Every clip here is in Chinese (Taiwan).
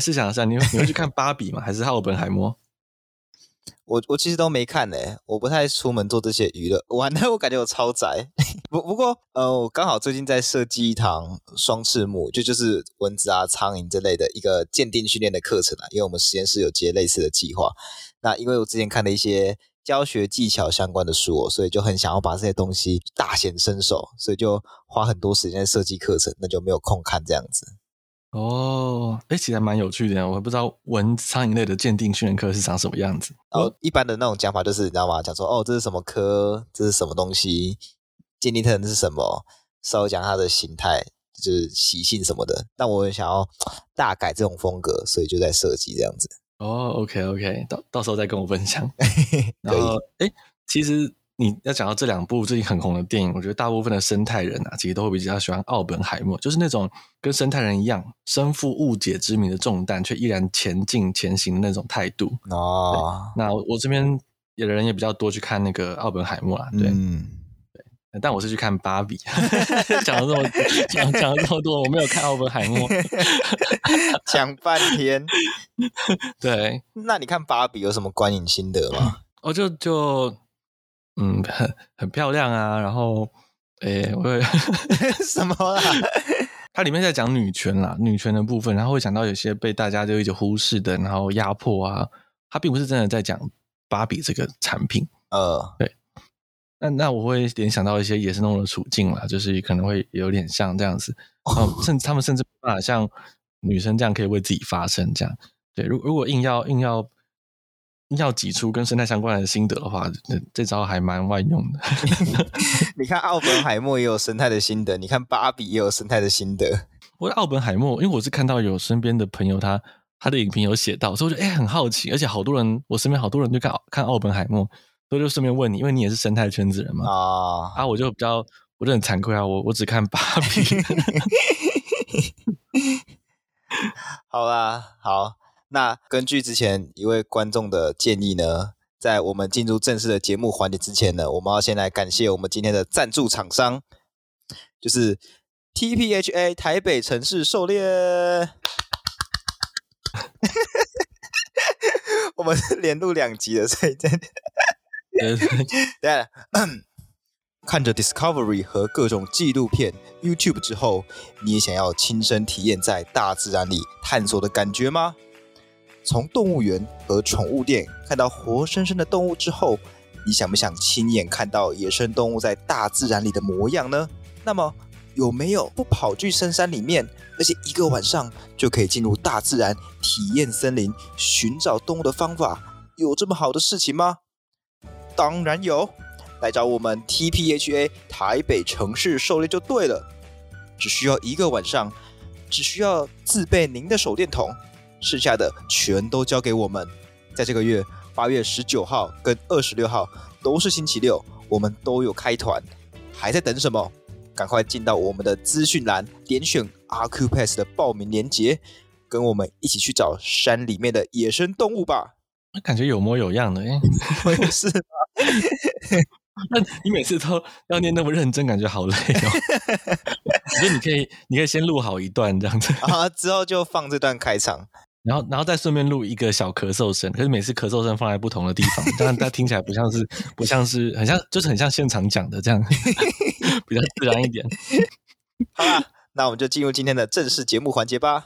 試想一下，你會你會去看芭比嗎？ 還是奧本海默？我我其實都沒看呢、欸。我不太出門做這些娛樂玩的，我感覺我超宅。 不不過，呃，我剛好最近在設計一堂雙翅目，就就是蚊子啊、蒼蠅之類的一個鑑定訓練的課程啊。因為我們實驗室有接類似的計劃。那因為我之前看了一些教學技巧相關的書、哦，所以就很想要把這些東西大顯身手，所以就花很多時間在設計課程，那就沒有空看這樣子。哦，哎、欸，其實還蠻有趣的，呀。我還不知道蚊、蒼蠅類的鑑定訓練課是長什麼樣子。然、哦、一般的那種講法就是，你知道嗎？講說哦，這是什麼科，這是什麼東西，鑑定特徵是什麼，稍微講它的形態，就是習性什麼的。但我也想要大改這種風格，所以就在設計這樣子。哦，OK OK，到到時候再跟我分享。 然後，哎、欸，其實。你要講到這兩部最近很紅的電影，我覺得大部分的生態人啊，其實都會比較喜歡奧本海默，就是那種跟生態人一樣，身負誤解之名的重擔，卻依然前進前行的那種態度。哦，那我這邊有的人也比較多去看那個奧本海默啊，對，嗯、對，但我是去看芭比，講 了這麼講講了這麼多，我沒有看奧本海默，講 半天，對，那你看芭比有什麼觀影心得嗎？哦、嗯，我就就。嗯，很很漂亮啊。然後，誒、欸，我會 什麼啊？它裡面在講女權啦，女權的部分，然後會講到有些被大家就一直忽視的，然後壓迫啊。它並不是真的在講芭比這個產品，呃、uh.，對。那那我會聯想到一些野生動物的處境啦，就是可能會有點像這樣子，哦、uh.，甚至他們甚至沒辦法像女生這樣可以為自己發聲，這樣。對，如如果硬要硬要。要擠出跟生態相關的心得的話，這這招還蠻萬用的。 你看奧本海默也有生態的心得，你看芭比也有生態的心得。我在奧本海默，因為我是看到有身邊的朋友他，他他的影評有寫到，所以我覺得、欸、很好奇，而且好多人，我身邊好多人就看看奧本海默，所以就順便問你，因為你也是生態圈子人嘛。Oh. 啊啊，我就比較，我就很慚愧啊，我我只看芭比。 好吧，好。那根據之前一位觀眾的建議呢，在我們進入正式的節目環節之前呢，我們要先來感謝我們今天的贊助廠商，就是 TPHA 台北城市狩獵。 我們是連錄兩集的，所以真的 了。等 下，看着 Discovery 和各種紀錄片 YouTube 之後，你也想要親身體驗在大自然裡探索的感覺嗎？從動物園和寵物店看到活生生的動物之後，你想不想親眼看到野生動物在大自然裡的模樣呢？那麼，有沒有不跑去深山裡面，而且一個晚上就可以進入大自然體驗森林、尋找動物的方法？有這麼好的事情嗎？當然有，來找我們 TPHA 台北城市狩獵就對了。只需要一個晚上，只需要自備您的手電筒。剩下的全都交給我們。在這個月八月十九號跟二十六號都是星期六，我們都有開團，還在等什麼？趕快進到我們的資訊欄，點選 Accupass 的報名連結，跟我們一起去找山裡面的野生動物吧！感覺有模有樣的、欸 不是嗎，我也是。那你每次都要念那麼認真，感覺好累哦。所以你可以，你可以先錄好一段這樣子，啊，之後就放這段開場。然後，然後再順便錄一個小咳嗽聲，可是每次咳嗽聲放在不同的地方，但，但聽起來不像是，不像是很像，就是很像現場講的這樣， 比較自然一點。好了，那我們就進入今天的正式節目環節吧。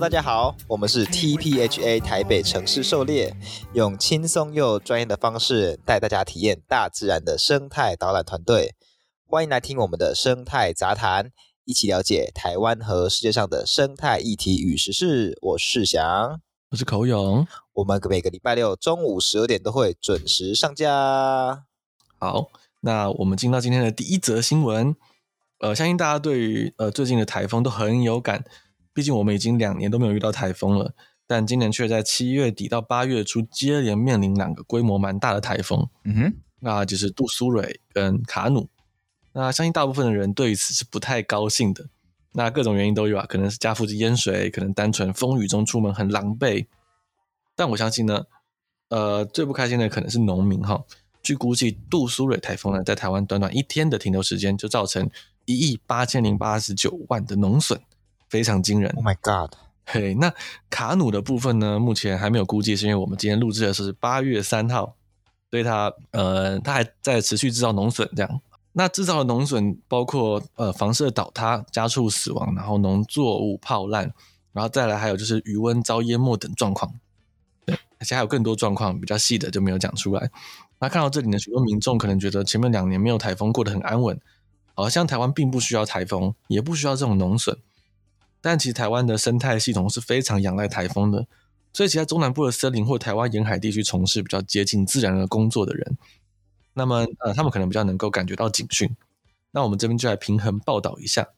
大家好，我們是 TPHA 台北城市狩獵，用輕鬆又專業的方式帶大家體驗大自然的生態導覽團隊。歡迎來聽我們的生態雜談，一起了解台灣和世界上的生態議題與時事。我是翔，我是口勇，我們每個禮拜六中午十二點都會準時上架。好，那我們進到今天的第一則新聞。呃，相信大家對於呃最近的台風都很有感。畢竟我們已經兩年都沒有遇到颱風了，但今年卻在七月底到八月初接連面臨兩個規模蠻大的颱風。嗯哼，那就是杜蘇芮跟卡努。那相信大部分的人對此是不太高興的。那各種原因都有啊，可能是家附近淹水，可能單純風雨中出門很狼狽。但我相信呢，呃，最不開心的可能是農民哈、哦。據估計，杜蘇芮颱風呢，在台灣短短一天的停留時間，就造成一億八千零八十九萬的農損。非常驚人！Oh my god！嘿，那卡努的部分呢？目前還沒有估計，是因為我們今天錄制的是八月三號，對他，呃，他還在持續制造農損，這樣。那制造的農損包括呃，房舍倒塌、家畜死亡，然後農作物泡爛，然後再來還有就是魚塭遭淹沒等狀況，對，而且還有更多狀況，比較細的就沒有講出來。那看到這裡呢，許多民眾可能覺得前面兩年沒有台風過得很安穩，好像台灣並不需要台風，也不需要這種農損。但其實台灣的生態系統是非常仰賴台風的，所以其他中南部的森林或台灣沿海地區從事比較接近自然的工作的人，那麼呃，他們可能比較能夠感覺到警訊。那我們這邊就來平衡報道一下。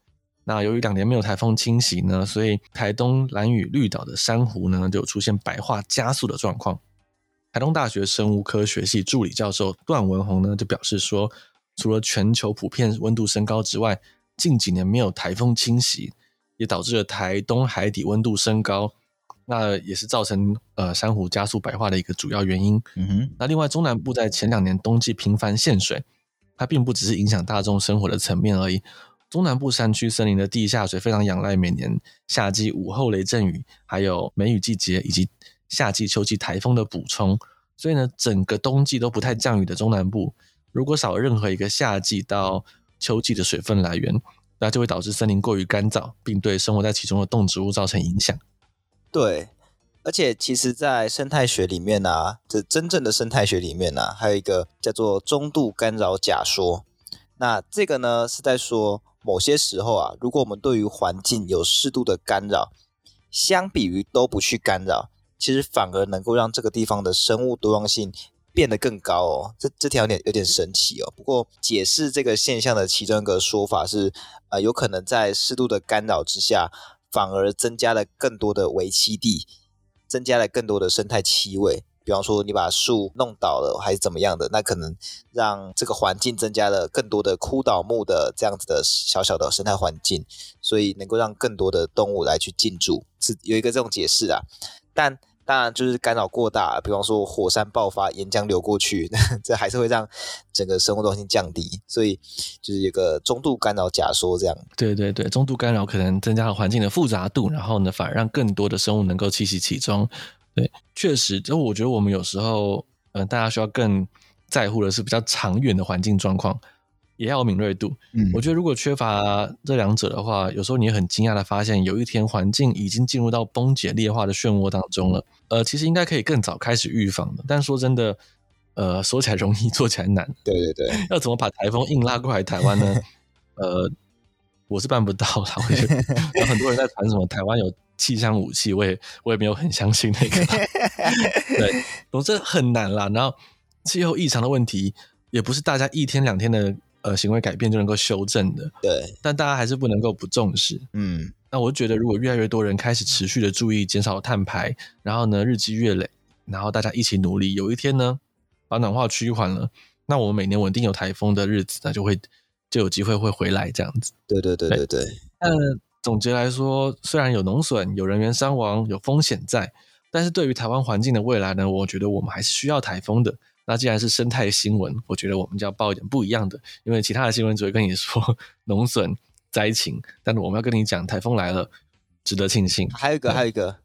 那由於兩年沒有台風侵襲呢，所以台東蘭嶼綠島的珊瑚呢就有出現白化加速的狀況。台東大學生物科學系助理教授段文宏呢就表示說，除了全球普遍溫度升高之外，近幾年沒有台風侵襲。也導致了台東海底溫度升高，那也是造成呃珊瑚加速白化的一個主要原因。嗯哼。那另外，中南部在前兩年冬季頻繁限水，它並不只是影響大眾生活的層面而已。中南部山區森林的地下水非常仰賴每年夏季午後雷陣雨，還有梅雨季節以及夏季、秋季颱風的補充。所以呢，整個冬季都不太降雨的中南部，如果少任何一個夏季到秋季的水分來源，那就會導致森林過於乾燥，並對生活在其中的動植物造成影響。對，而且其實，在生態學裡面呢、啊，這真正的生態學裡面呢、啊，還有一個叫做“中度干擾假說”。那這個呢，是在說某些時候啊，如果我們對於環境有適度的干擾，相比於都不去干擾，其實反而能夠讓這個地方的生物多樣性。變得更高哦，這這條有點有點神奇哦。不過解釋這個現象的其中一個說法是，呃，有可能在適度的干擾之下，反而增加了更多的微棲地，增加了更多的生態棲位，比方說，你把樹弄倒了還是怎麼樣的，那可能讓這個環境增加了更多的枯倒木的這樣子的小小的生態環境，所以能夠讓更多的動物來去進駐，是有一個這種解釋啊。但當然，就是干擾過大，比方說火山爆發，岩漿流過去， 這還是會讓整個生物多樣性降低。所以，就是有個中度干擾假說這樣。對對對，中度干擾可能增加了環境的複雜度，然後呢，反而讓更多的生物能夠棲息其中。對，確實，就我覺得我們有時候，嗯、呃，大家需要更在乎的是比較長遠的環境狀況。也要有敏銳度，嗯，我覺得如果缺乏這兩者的話，有時候你也很驚訝的發現，有一天環境已經進入到崩解裂化的漩渦當中了。呃，其實應該可以更早開始預防的。但說真的，呃，說起來容易，做起來難。對對對，要怎麼把台風硬拉過來台灣呢？ 呃，我是辦不到了。我覺得有很多人在談什麼台灣有氣象武器，我也我也沒有很相信那個。 對，總之很難啦。然後氣候異常的問題，也不是大家一天兩天的。呃，行為改變就能夠修正的。對。但大家還是不能夠不重視。嗯。那我就覺得，如果越來越多人開始持續的注意減少碳排，然後呢日積月累，然後大家一起努力，有一天呢把暖化趨緩了，那我們每年穩定有台風的日子那就會就有機會會回來這樣子。對對對對對。那、嗯呃、總結來說，雖然有農損、有人員傷亡、有風險在，但是對於台灣環境的未來呢，我覺得我們還是需要台風的。那既然是生態新聞，我覺得我們就要報一點不一樣的，因為其他的新聞只會跟你說農損災情，但是我們要跟你講台風來了，值得慶幸。還有一個，嗯、還有一個，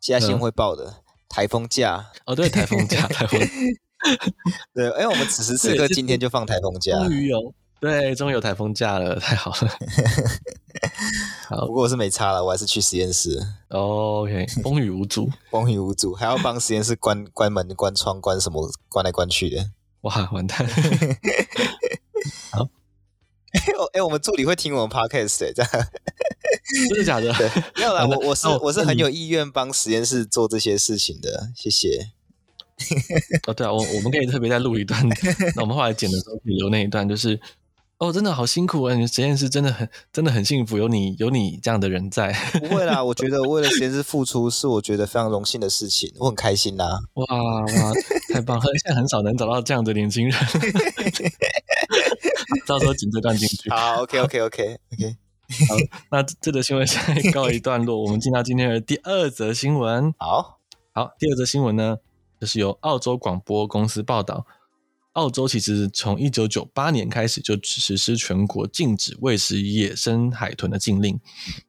嘉興會報的台、嗯、風假哦，對，台風假，台 風假對，哎，我們此時此刻今天就放台風假。對，終於有颱風假了，太好了。 好，不過我是沒差了，我還是去實驗室。OK，風雨無阻， 風雨無阻，還要幫實驗室關 關門、關窗、關什麼、關來關去的。哇，完蛋了！ 好，哎、欸欸，我們助理會聽我們 Podcast？真、欸、的？真的 假的？對，沒有啦，我我是、哦、我是很有意願幫實驗室做這些事情的。謝謝。 哦，對啊，我我們可以特別再錄一段。 那我們後來剪的時候，只 留那一段，就是。哦，真的好辛苦啊！你們實驗室真的很、真的很幸福，有你、有你這樣的人在。 不會啦，我覺得為了實驗室付出，是我覺得非常榮幸的事情，我很開心吶！哇哇，太棒了！ 現在很少能找到這樣的年輕人。到時候剪這段進去。好，OK，OK，OK，OK。好，okay, okay, okay, okay. 好 那這則、個、新聞現在告一段落，我們進到今天的第二則新聞。好好，第二則新聞呢，就是由澳洲廣播公司報道。澳洲其實從一九九八年開始就實施全國禁止餵食野生海豚的禁令，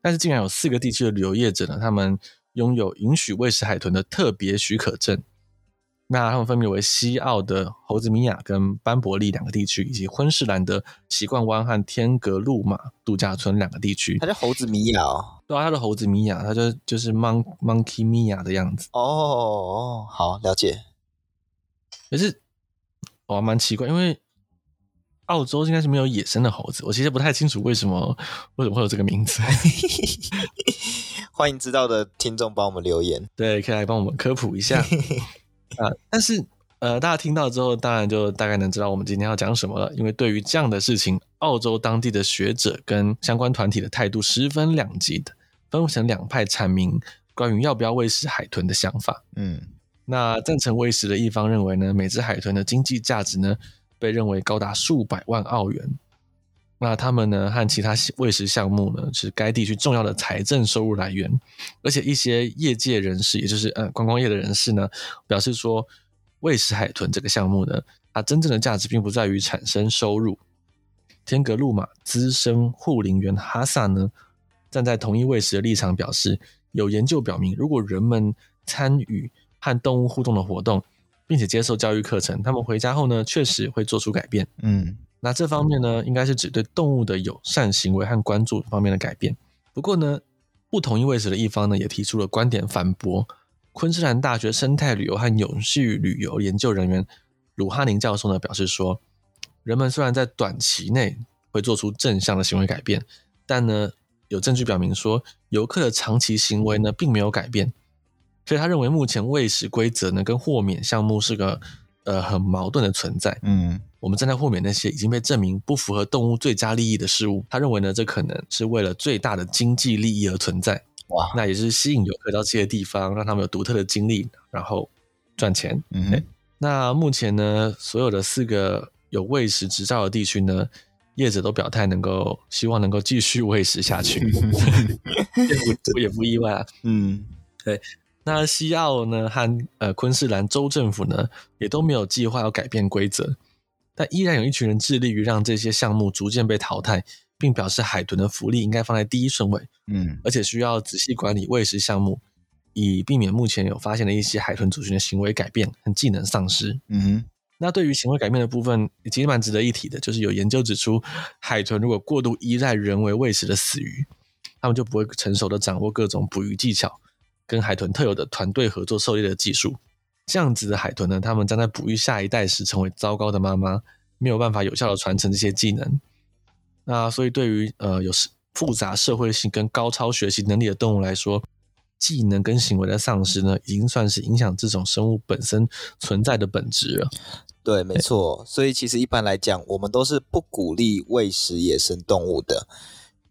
但是竟然有四個地區的旅遊業者呢，他們擁有允許餵食海豚的特別許可證。那他們分別為西澳的猴子米亞跟班伯利兩個地區，以及昆士蘭的習慣灣和天格路馬度假村兩個地區。他叫猴子米亞哦，對啊，他的猴子米亞，他就就是 monkey monkey 米亞的樣子。哦哦，好了解。可是。我、哦、蠻、啊、奇怪，因為澳洲應該是沒有野生的猴子，我其實不太清楚為什麼為什麼會有這個名字。 歡迎知道的聽眾幫我們留言，對，可以來幫我們科普一下 啊。但是呃，大家聽到之後，當然就大概能知道我們今天要講什麼了。因為對於這樣的事情，澳洲當地的學者跟相關團體的態度十分兩極的，分成兩派闡明關於要不要餵食海豚的想法。嗯。那贊成餵食的一方認為呢，每隻海豚的經濟價值呢，被認為高達數百萬澳元。那他們呢，和其他餵食項目呢，是該地區重要的財政收入來源。而且一些業界人士，也就是呃觀光業的人士呢，表示說，餵食海豚這個項目呢，它真正的價值並不在於產生收入。天格路馬資深護林員哈薩呢，站在同一餵食的立場表示，有研究表明，如果人們參與。和動物互動的活動，並且接受教育課程，他們回家後呢，確實會做出改變。嗯，那這方面呢，應該是指對動物的友善行為和關注方面的改變。不過呢，不同意位置的一方呢，也提出了觀點反駁。昆士蘭大學生態旅遊和永續旅遊研究人員，魯哈寧教授呢，表示說，人們雖然在短期內會做出正向的行為改變，但呢，有證據表明說，遊客的長期行為呢，並沒有改變。所以他認為，目前餵食規則呢，跟豁免項目是個呃很矛盾的存在。嗯，我們正在豁免那些已經被證明不符合動物最佳利益的事物。他認為呢，這可能是為了最大的經濟利益而存在。哇，那也是吸引遊客到這些地方，讓他們有獨特的經歷，然後賺錢。嗯哼。那目前呢，所有的四個有餵食執照的地區呢，業者都表態能夠，希望能夠繼續餵食下去 也。也不意外啊。嗯，對。那西澳呢和呃昆士蘭州政府呢也都沒有計劃要改變規則，但依然有一群人致力於讓這些項目逐漸被淘汰，並表示海豚的福利應該放在第一順位。嗯，而且需要仔細管理餵食項目，以避免目前有發現的一些海豚族群的行為改變和技能喪失。嗯哼，那對於行為改變的部分，也其實蠻值得一提的，就是有研究指出，海豚如果過度依賴人為餵食的死魚，它們就不會成熟的掌握各種捕魚技巧。跟海豚特有的團隊合作狩獵的技術，這樣子的海豚呢，它們將在哺育下一代時成為糟糕的媽媽，沒有辦法有效的傳承這些技能。那所以對於呃有複雜社會性跟高超學習能力的動物來說，技能跟行為的喪失呢，已經算是影響這種生物本身存在的本質了。對，沒錯、欸。所以其實一般來講，我們都是不鼓勵餵食野生動物的。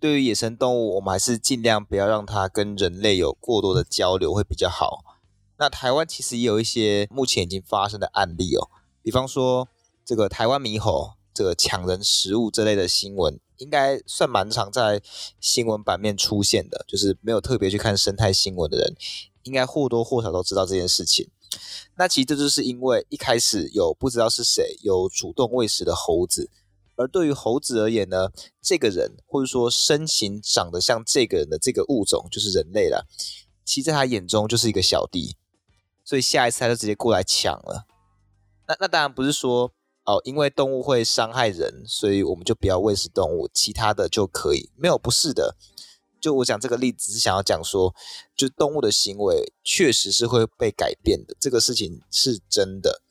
對於野生動物，我們還是儘量不要讓它跟人類有過多的交流，會比較好。那台灣其實也有一些目前已經發生的案例哦，比方說這個台灣獼猴這個搶人食物之類的新聞，應該算蠻常在新聞版面出現的。就是沒有特別去看生態新聞的人，應該或多或少都知道這件事情。那其實這就是因為一開始有不知道是誰有主動餵食的猴子。而對於猴子而言呢，這個人或者說身形長得像這個人的這個物種就是人類了，其實在他眼中就是一個小弟，所以下一次他就直接過來搶了。那那當然不是說哦，因為動物會傷害人，所以我們就不要餵食動物，其他的就可以沒有，不是的。就我講這個例子，只是想要講說，就是、動物的行為確實是會被改變的，這個事情是真的。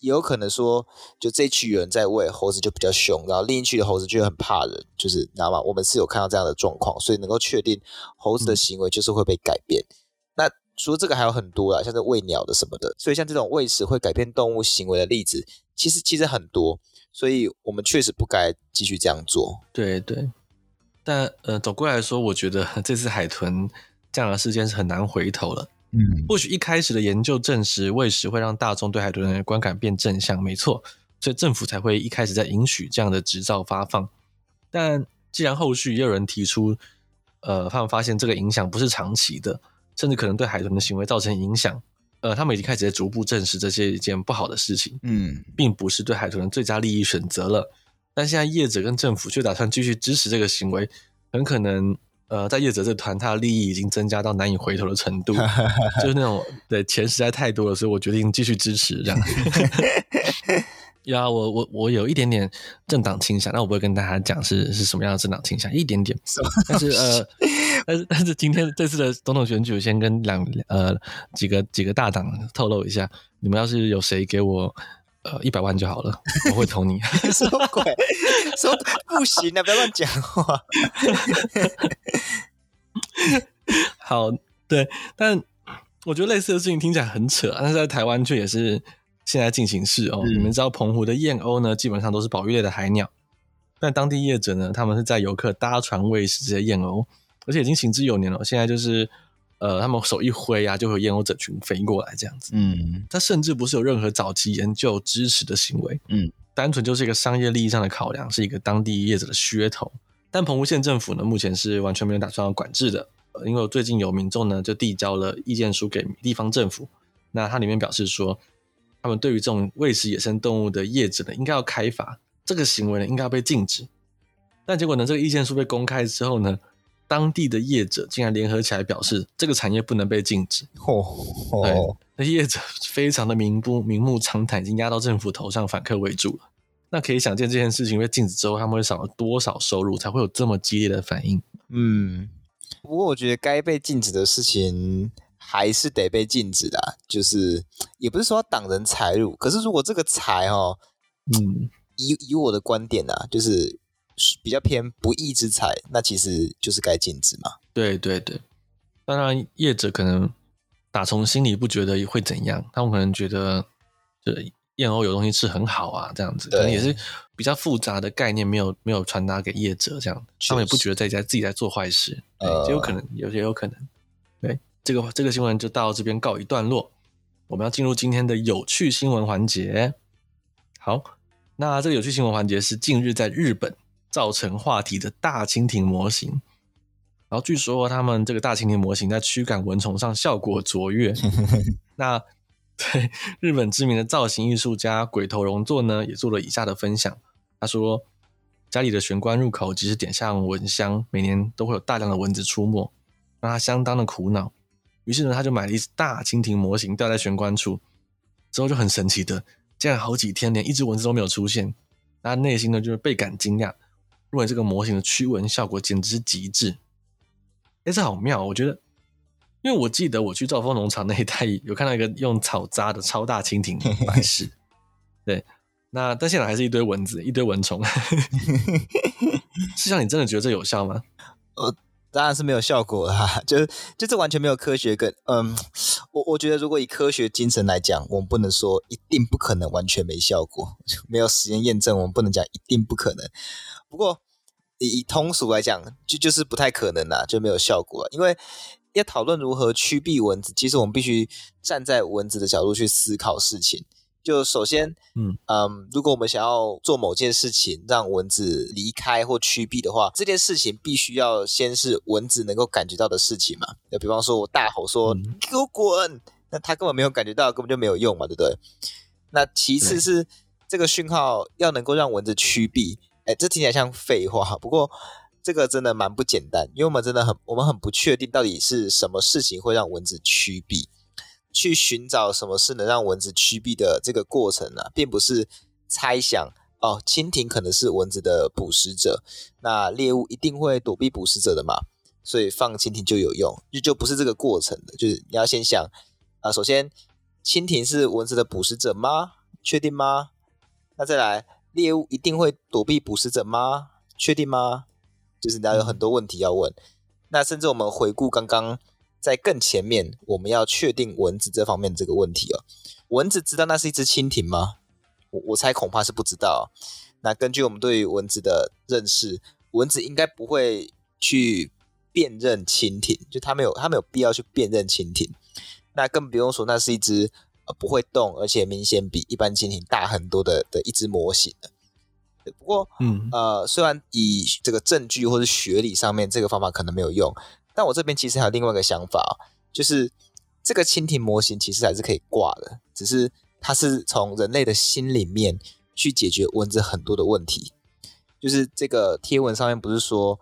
也有可能說，就這一區有人在餵，猴子就比較兇，然後另一區的猴子就很怕人，就是你知道嗎？我們是有看到這樣的狀況，所以能夠確定猴子的行為就是會被改變。嗯、那除了這個還有很多啊，像這餵鳥的什麼的，所以像這種餵食會改變動物行為的例子，其實其實很多，所以我們確實不該繼續這樣做。對對，但呃，總歸來說，我覺得這次海豚這樣的事件是很難回頭了。或許一開始的研究證實餵食會讓大眾對海豚的觀感變正向，沒錯，所以政府才會一開始在允許這樣的執照發放。但既然後續也有人提出，呃，他們發現這個影響不是長期的，甚至可能對海豚的行為造成影響，呃，他們已經開始在逐步證實這是一件不好的事情。嗯，並不是對海豚的最佳利益選擇了。但現在業者跟政府卻打算繼續支持這個行為，很可能。呃，在業者這團，他的利益已經增加到難以回頭的程度， 就是那種對錢實在太多了，所以我決定繼續支持這樣子。有 啊、yeah，我我我有一點點政黨傾向，那我不會跟大家講是是什麼樣的政黨傾向，一點點。So, 但是 呃，但是但是今天這次的總統選舉，先跟兩呃幾個幾個大黨透露一下，你們要是有誰給我。呃，一百萬就好了，我會投你。什 麼 鬼？說不行的，不要亂講話。 好，對，但我覺得類似的事情聽起來很扯，但是在台灣卻也是現在進行式哦。嗯。你們知道澎湖的燕鷗呢，基本上都是保育類的海鳥，但當地業者呢，他們是在遊客搭船餵食這些燕鷗，而且已經行之有年了，現在就是。呃，他們手一揮啊，就會有燕鷗整群飛過來這樣子。嗯，他甚至不是有任何早期研究支持的行為。嗯，單純就是一個商業利益上的考量，是一個當地業者的噱頭。但澎湖縣政府呢，目前是完全沒有打算要管制的。呃，因為最近有民眾呢，就遞交了意見書給地方政府。那它裡面表示說，他們對於這種餵食野生動物的業者呢，應該要開罰。這個行為呢，應該要被禁止。但結果呢，這個意見書被公開之後呢？當地的業者竟然聯合起來表示，這個產業不能被禁止。哦、oh, oh.，對，那業者非常的明不明目張膽，已經壓到政府頭上反客為主了。那可以想見，這件事情被禁止之後，他們會少了多少收入，才會有這麼激烈的反應？嗯，不過我覺得該被禁止的事情還是得被禁止的、啊，就是也不是說擋人財路，可是如果這個財哦，嗯，以以我的觀點啊，就是。比較偏不義之財，那其實就是該禁止嘛。對對對，當然業者可能打從心裡不覺得會怎樣，他們可能覺得就燕鷗有東西吃很好啊，這樣子可能也是比較複雜的概念沒，沒有沒有傳達給業者這樣、就是、他們也不覺得在家自己在做壞事，呃，也有可能有些有可能。對，這個這個新聞就到這邊告一段落，我們要進入今天的有趣新聞環節。好，那這個有趣新聞環節是近日在日本，造成話題的大蜻蜓模型，然後據說他們這個大蜻蜓模型在驅趕蚊蟲上效果卓越。 那對日本知名的造型藝術家鬼頭榮作呢，也做了以下的分享。他說，家裡的玄關入口即使點上蚊香，每年都會有大量的蚊子出沒，讓他相當的苦惱。於是呢，他就買了一隻大蜻蜓模型吊在玄關處，之後就很神奇的，竟然好幾天連一隻蚊子都沒有出現，那他內心呢就是倍感驚訝。認為這個模型的驅蚊效果簡直是極致，哎、欸，這好妙！我覺得，因為我記得我去兆豐農場那一帶，有看到一個用草紮的超大蜻蜓擺飾 對，那但現在還是一堆蚊子，一堆蚊蟲。事實上，你真的覺得這有效嗎？呃、哦，當然是沒有效果啦，就是就是完全沒有科學跟，嗯，我我覺得如果以科學精神來講，我們不能說一定不可能完全沒效果，就沒有實驗驗證，我們不能講一定不可能。不過以，以通俗來講，就就是不太可能啦，就沒有效果了。因為要討論如何驅避蚊子，其實我們必須站在蚊子的角度去思考事情。就首先，嗯嗯，如果我們想要做某件事情讓蚊子離開或驅避的話，這件事情必須要先是蚊子能夠感覺到的事情嘛。那比方說我大吼說、嗯“你給我滾”，那它根本沒有感覺到，根本就沒有用嘛，對不對？那其次是、嗯、這個訊號要能夠讓蚊子驅避。哎、欸，這聽起來像廢話哈。不過這個真的蠻不簡單，因為我們真的很我們很不確定到底是什麼事情會讓蚊子趨避。去尋找什麼是能讓蚊子趨避的這個過程呢、啊，並不是猜想哦。蜻蜓可能是蚊子的捕食者，那獵物一定會躲避捕食者的嘛，所以放蜻蜓就有用，就就不是這個過程的。就是你要先想啊、呃，首先蜻蜓是蚊子的捕食者嗎？確定嗎？那再來。獵物一定會躲避捕食者嗎？確定嗎？就是人家有很多問題要問。嗯。那甚至我們回顧剛剛在更前面，我們要確定蚊子這方面這個問題哦。蚊子知道那是一隻蜻蜓嗎？我我猜恐怕是不知道哦。那根據我們對於蚊子的認識，蚊子應該不會去辨認蜻蜓，就它沒有它沒有必要去辨認蜻蜓。那更不用說那是一隻。不會動，而且明顯比一般蜻蜓大很多的的一只模型。不過，嗯，呃，雖然以這個證據或是學理上面，這個方法可能沒有用，但我這邊其實還有另外一個想法，就是這個蜻蜓模型其實還是可以掛的，只是它是從人類的心裡面去解決蚊子很多的問題。就是這個貼文上面不是說，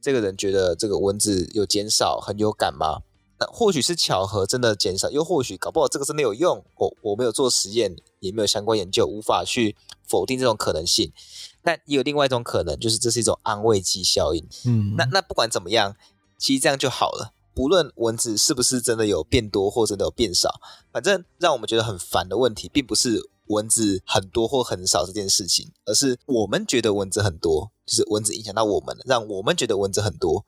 這個人覺得這個蚊子有減少，很有感嗎？或許是巧合，真的減少，又或許搞不好這個真的有用。我我沒有做實驗，也沒有相關研究，無法去否定這種可能性。但也有另外一種可能，就是這是一種安慰劑效應。嗯，那那不管怎麼樣，其實這樣就好了。不論蚊子是不是真的有變多或真的有變少，反正讓我們覺得很煩的問題，並不是蚊子很多或很少這件事情，而是我們覺得蚊子很多，就是蚊子影響到我們了，讓我們覺得蚊子很多，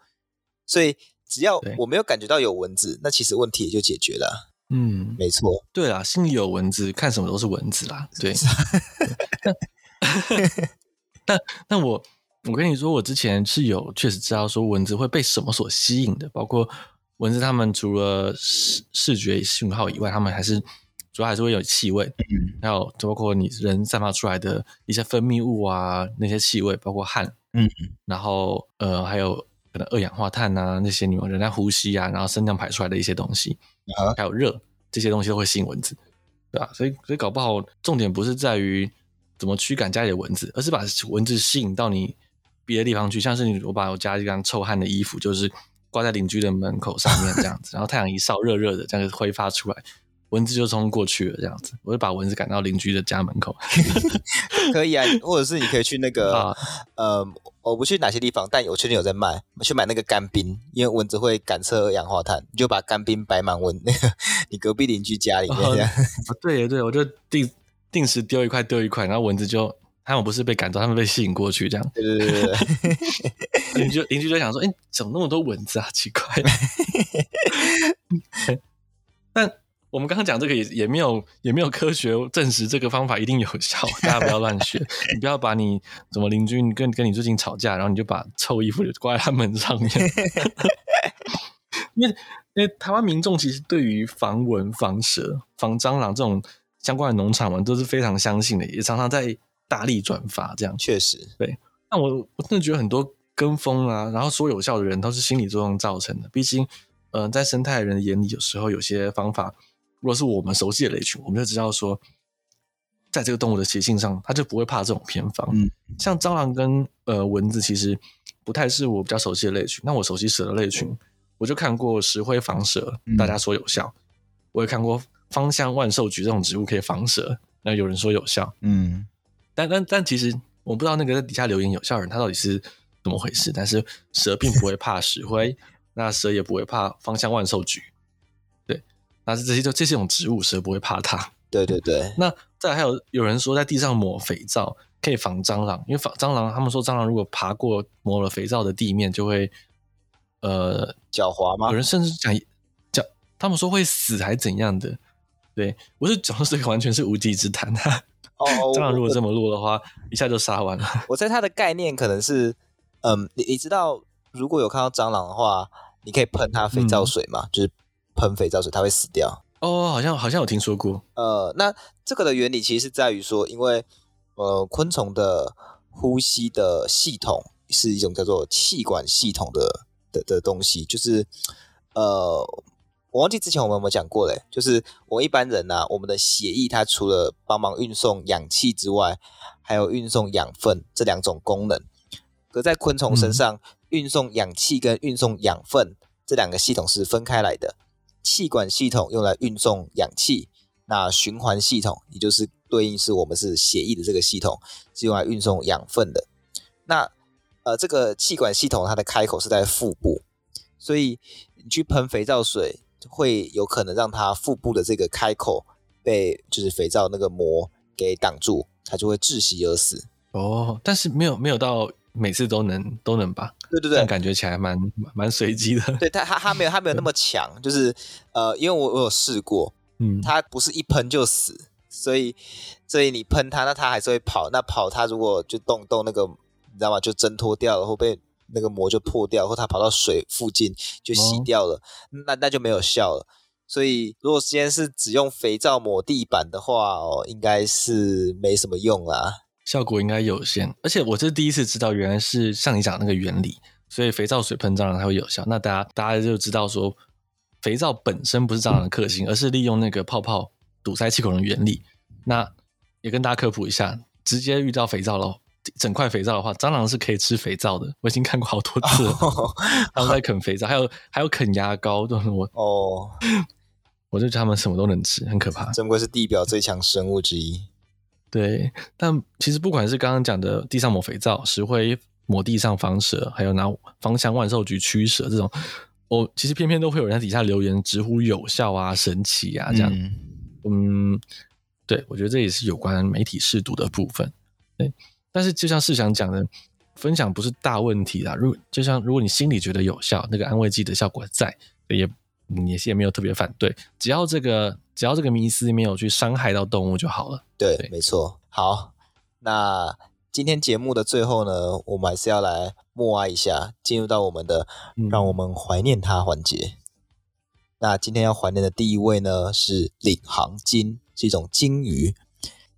所以。只要我沒有感覺到有蚊子，那其實問題也就解決了。嗯，沒錯。對啊，心裡有蚊子，看什麼都是蚊子啦。對。 那那那我我跟你說，我之前是有確實知道說蚊子會被什麼所吸引的，包括蚊子，它們除了視視覺信號以外，它們還是主要還是會有氣味。嗯，還有包括你人散發出來的一些分泌物啊，那些氣味，包括汗。嗯。然後呃，還有。可能二氧化碳吶、啊，那些你們人家呼吸啊，然後身上排出來的一些東西，還有熱這些東西都會吸引蚊子，對吧？所以所以搞不好重點不是在於怎麼驅趕家裡的蚊子，而是把蚊子吸引到你別的地方去。像是你，我把我家一樣臭汗的衣服，就是掛在鄰居的門口上面這樣子， 然後太陽一曬，熱熱的這樣就揮發出來。蚊子就衝過去了，這樣子，我就把蚊子趕到鄰居的家門口。 可以啊，或者是你可以去那個，啊、呃，我不去哪些地方，但我確定有在賣，去買那個乾冰，因為蚊子會感測二氧化碳，你就把乾冰擺滿蚊， 你隔壁鄰居家裡面這樣、哦。對呀，對，我就定定時丟一塊丟一塊，然後蚊子就他們不是被趕走，他們被吸引過去，這樣。對對對,對 鄰，鄰居鄰居就想說，哎、欸，怎麼那麼多蚊子啊，奇怪。 我們剛剛講這個也也沒有也沒有科學證實這個方法一定有效，大家不要亂學， 你不要把你怎麼鄰居跟跟你最近吵架，然後你就把臭衣服掛在他門上面， 因為因為台灣民眾其實對於防蚊、防蛇、防蟑螂這種相關的農場文都是非常相信的，也常常在大力轉發這樣。確實，對。那我我真的覺得很多跟風啊，然後說有效的人都是心理作用造成的。畢竟，嗯、呃，在生態的人眼裡，有時候有些方法。如果是我們熟悉的類群，我們就知道說，在這個動物的習性上，它就不會怕這種偏方。嗯、像蟑螂跟呃蚊子，其實不太是我比較熟悉的類群。那我熟悉蛇的類群，我就看過石灰防蛇，大家說有效。嗯、我也看過芳香萬壽菊這種植物可以防蛇，那有人說有效。嗯，但但但其實我不知道那個在底下留言有效的人他到底是怎麼回事。但是蛇並不會怕石灰， 那蛇也不會怕芳香萬壽菊。啊，這些就這是一種植物，蛇不會怕它。對對對。那再來還有有人說，在地上抹肥皂可以防蟑螂。因為防蟑螂，他們說蟑螂如果爬過抹了肥皂的地面，就會呃腳滑嗎？有人甚至講腳，他們說會死還怎樣的？對，我是講的這個完全是無稽之談。啊 oh, oh, 蟑螂如果這麼弱的話，一下就殺完了。我猜他的概念可能是，嗯，你你知道，如果有看到蟑螂的話，你可以噴它肥皂水嘛，嗯，就是。噴肥皂水，它會死掉哦、oh。好像好像有聽說過。呃，那這個的原理其實是在於說，因為呃，昆蟲的呼吸的系統是一種叫做氣管系統的的的東西，就是呃，我忘記之前我們有沒有講過嘞、欸。就是我們一般人呢、啊，我們的血液它除了幫忙運送氧氣之外，還有運送養分這兩種功能。可在昆蟲身上、嗯，運送氧氣跟運送養分這兩個系統是分開來的。氣管系統用來運送氧氣，那循環系統也就是對應是我們是血液的這個系統，是用來運送養分的。那呃，這個氣管系統它的開口是在腹部，所以你去噴肥皂水會有可能讓它腹部的這個開口被就是肥皂那個膜給擋住，它就會窒息而死。哦，但是沒有沒有到。每次都能都能吧？對對對，但感覺起來蠻蠻隨機的。對，它它沒有它沒有那麼強，就是呃，因為我我有試過，嗯，它不是一噴就死，所以所以你噴它，那它還是會跑，那跑它如果就動動那個，你知道嗎？就掙脫掉了，或被那個膜就破掉，或它跑到水附近就洗掉了，哦、那那就沒有效了。所以如果今天是只用肥皂抹地板的話，哦，應該是沒什麼用啦。效果應該有限，而且我是第一次知道，原來是像你講的那個原理，所以肥皂水噴蟑螂才會有效。那大家大家就知道說，肥皂本身不是蟑螂的剋星，而是利用那個泡泡堵塞氣孔的原理。那也跟大家科普一下，直接遇到肥皂了，整塊肥皂的話，蟑螂是可以吃肥皂的。我已經看過好多次了，他、哦、們在啃肥皂，哦、還有還有啃牙膏，都什麼哦？我就覺得他們什麼都能吃，很可怕。真不愧是地表最強生物之一。對，但其實不管是剛剛講的地上抹肥皂、石灰抹地上防蛇，還有拿芳香萬壽菊驅蛇這種，我、哦、其實偏偏都會有人在底下留言直呼有效啊、神奇啊這樣嗯。嗯，對，我覺得這也是有關媒體識讀的部分。對，但是就像世祥講的，分享不是大問題啦。如就像如果你心裡覺得有效，那個安慰劑的效果在也。也是也沒有特別反對，只要這個只要這個迷思沒有去傷害到動物就好了，對。對，沒錯。好，那今天節目的最後呢，我們還是要來默哀、啊、一下，進入到我們的讓我們懷念它環節、嗯。那今天要懷念的第一位呢，是領航鯨，是一種鯨魚。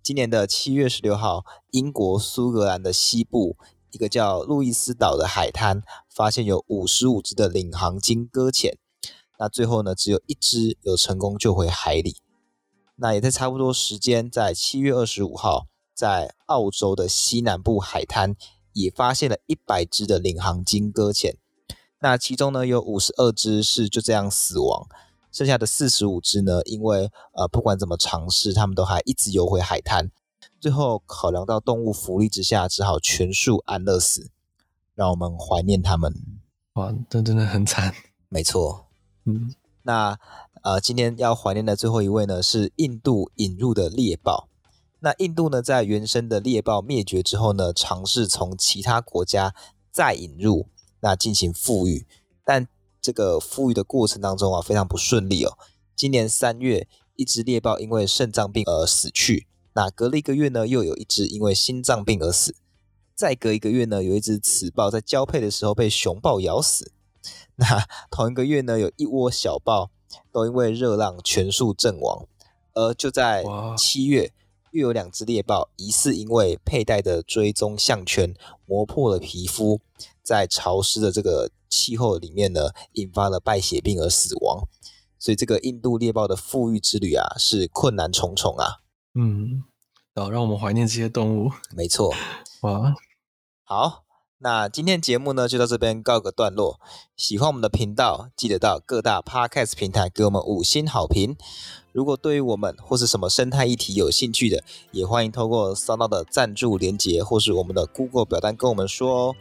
今年的七月十六號，英國蘇格蘭的西部一個叫路易斯島的海灘，發現有五十五隻的領航鯨擱淺。那最後呢，只有一隻有成功救回海裡。那也在差不多時間，在七月二十五號，在澳洲的西南部海灘，也發現了一百隻的領航鯨擱淺。那其中呢，有五十二隻是就這樣死亡，剩下的四十五隻呢，因為呃，不管怎麼嘗試，他們都還一直游回海灘。最後考量到動物福利之下，只好全數安樂死。讓我們懷念他們。哇，這真的很慘。沒錯。嗯，那呃，今天要懷念的最後一位呢，是印度引入的獵豹。那印度呢，在原生的獵豹滅絕之後呢，嘗試從其他國家再引入，那進行復育。但這個復育的過程當中啊，非常不順利哦。今年三月，一隻獵豹因為腎臟病而死去。那隔了一個月呢，又有一隻因為心臟病而死。再隔一個月呢，有一隻雌豹在交配的時候被雄豹咬死。那同一個月呢，有一窩小豹都因為熱浪全數陣亡，而就在七月，又有兩只獵豹疑似因為佩戴的追蹤項圈磨破了皮膚，在潮濕的這個氣候裡面呢，引發了敗血病而死亡。所以這個印度獵豹的復育之旅啊，是困難重重啊。嗯，好、哦，讓我們懷念這些動物。沒錯。啊，好。那今天節目呢，就到這邊告個段落。喜歡我們的頻道，記得到各大 podcast 平台給我們五星好評。如果對於我們或是什麼生態議題有興趣的，也歡迎透過 s o n 描的贊助連結或是我們的 Google 表單跟我們說哦。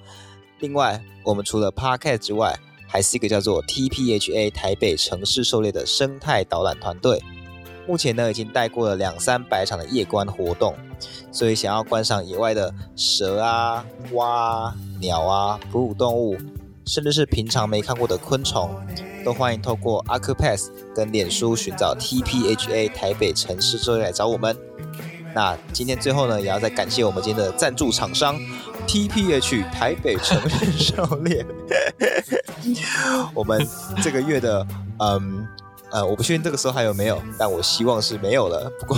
另外，我們除了 podcast 之外，還是一個叫做 TPHA 台北城市狩獵的生態導覽團隊。目前呢，已經帶過了兩三百場的夜觀活動，所以想要觀賞野外的蛇啊、蛙啊、鳥啊、啊、哺乳動物，甚至是平常沒看過的昆蟲，都歡迎透過 Accupass 跟臉書尋找 TPHA 台北城市狩獵來找我們。那今天最後呢，也要再感謝我們今天的贊助廠商 TPH 台北城市狩獵。 我們這個月的嗯。呃，我不確定這個時候還有沒有，但我希望是沒有了。不過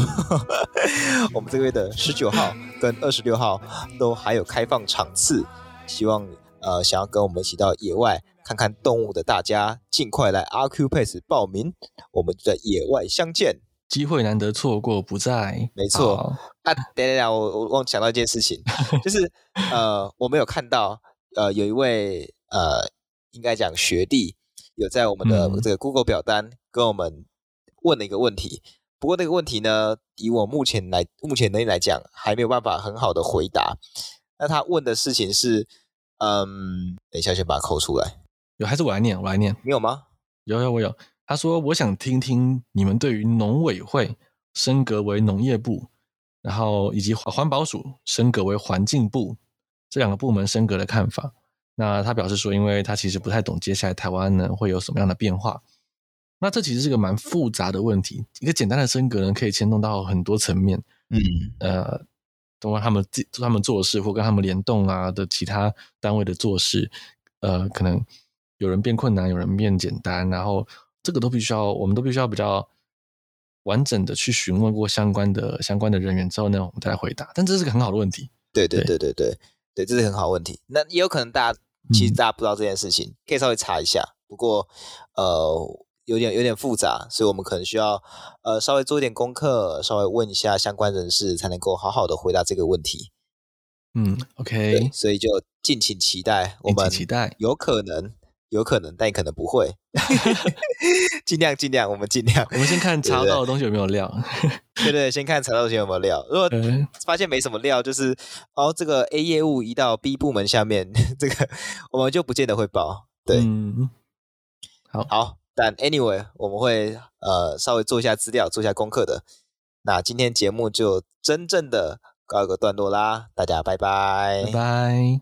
我們這個月的十九號跟二十六號都還有開放場次，希望呃想要跟我們一起到野外看看動物的大家，儘快來 Accupass 報名，我們在野外相見。機會難得，錯過不再。沒錯。Oh. 啊，等等對，我我忘記想到一件事情， 就是呃我沒有看到呃有一位呃應該講學弟。有在我們的這個 Google 表單跟我們問了一個問題，不過那個問題呢，以我目前來目前能力來講，還沒有辦法很好的回答。那他問的事情是，嗯，等一下先把它摳出來。有，還是我來念，我來念。你有嗎？有有我有。他說，我想聽聽你們對於農委會升格為農業部，然後以及環保署升格為環境部，這兩個部門升格的看法。那他表示說，因為他其實不太懂接下來台灣呢會有什麼樣的變化。那這其實是個蠻複雜的問題，一個簡單的升格呢，可以牽動到很多層面，呃。嗯，呃，通過他們自他們做事或跟他們聯動啊的其他單位的做事，呃，可能有人變困難，有人變簡單，然後這個都必須要，我們都必須要比較完整的去詢問過相關的相關的人員之後呢，我們再來回答。但這是個很好的問題。對對，對對對對對對，對這是很好問題。那也有可能大家。其實大家不知道這件事情，嗯，可以稍微查一下。不過，呃，有點有點複雜，所以我們可能需要呃稍微做一點功課，稍微問一下相關人士，才能夠好好的回答這個問題。嗯，OK，對，所以就敬請期待，我們期待有可能。有可能，但可能不會。 盡 量盡量，我們盡量。我們先看查到的東西有沒有料。對對， 先看查到的東西有沒有料。如果發現沒什麼料，就是哦，這個 A 業務移到 B 部門下面，這個我們就不見得會報。對，嗯、好好。但 anyway，我們會呃稍微做一下資料，做一下功課的。那今天節目就真正的告一個段落啦，大家拜拜，拜拜。